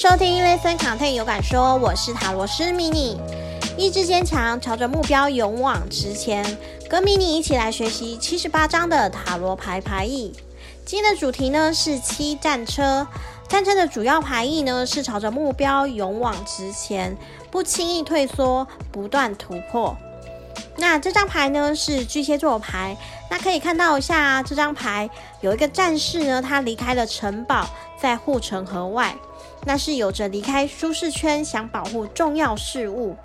收聽 Listen Content 有感說，我是塔羅師 Mini，意志堅強，朝着目標勇往直前。跟 Mini 一起來學習七十八張的塔羅牌牌意。今天的主題呢是七戰車，戰車的主要牌意呢是朝着目標勇往直前，不輕易退縮，不斷突破。那這張牌呢是巨蟹座牌，那可以看到一下、啊、這張牌有一個戰士呢，他離開了城堡，在護城河外，那是有着離開舒適圈，想保護重要事物。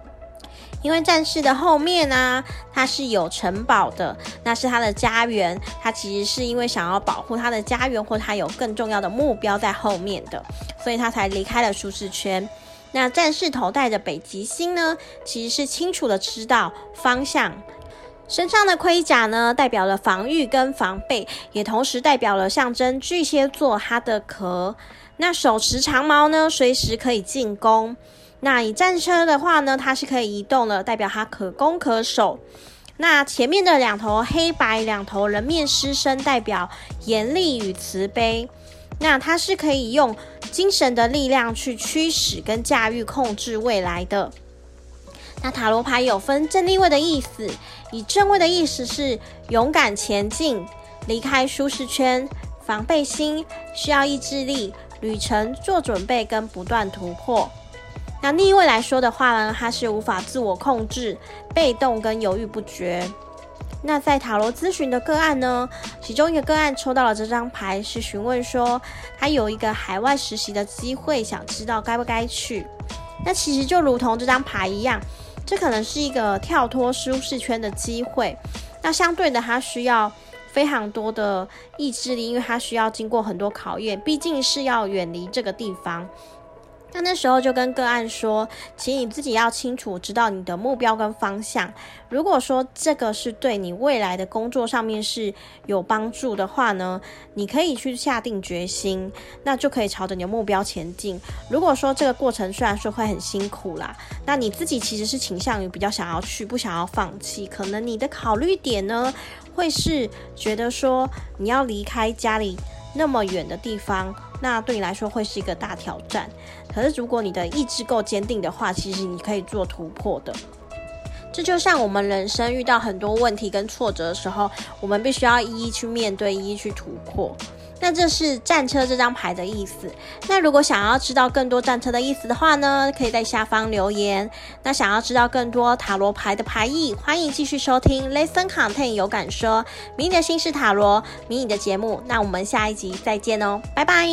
因為戰士的後面呢、啊，他是有城堡的，那是他的家園，他其實是因為想要保護他的家園，或他有更重要的目標在後面的，所以他才離開了舒適圈。那戰士頭戴的北極星呢，其實是清楚的知道方向。身上的盔甲呢，代表了防禦跟防備，也同時代表了象徵巨蟹座它的殼。那手持長矛呢，隨時可以進攻。那以戰車的話呢，它是可以移動的，代表它可攻可守。那前面的兩頭黑白兩頭人面獅身，代表嚴厲與慈悲。那它是可以用精神的力量去驅使、跟駕馭、控制未來的。那塔羅牌有分正逆位的意思，以正位的意思是勇敢前進，離開舒適圈，防備心，需要意志力，旅程做準備跟不斷突破。那逆位來說的話呢，它是無法自我控制，被動跟猶豫不決。那在塔羅諮詢的個案呢，其中一個個案抽到了這張牌，是詢問說他有一個海外實習的機會，想知道該不該去。那其實就如同這張牌一樣，這可能是一個跳脫舒適圈的機會。那相對的，他需要非常多的意志力，因為他需要經過很多考驗，畢竟是要遠離這個地方。那那時候就跟個案說，請你自己要清楚知道你的目標跟方向。如果說這個是對你未來的工作上面是有幫助的話呢，你可以去下定決心，那就可以朝着你的目標前進。如果說這個過程雖然說會很辛苦啦，那你自己其實是傾向於比較想要去，不想要放棄。可能你的考慮點呢，會是覺得說你要離開家裡那麼遠的地方。那對你來說會是一個大挑戰，可是如果你的意志夠堅定的話，其實你可以做突破的。這就像我們人生遇到很多問題跟挫折的時候，我們必須要一一去面對，一一去突破。那這是戰車這張牌的意思。那如果想要知道更多戰車的意思的話呢，可以在下方留言。那想要知道更多塔羅牌的牌意，歡迎繼續收聽《Listen Content 有感說》迷你的心事塔羅迷你的節目。那我們下一集再見哦，拜拜。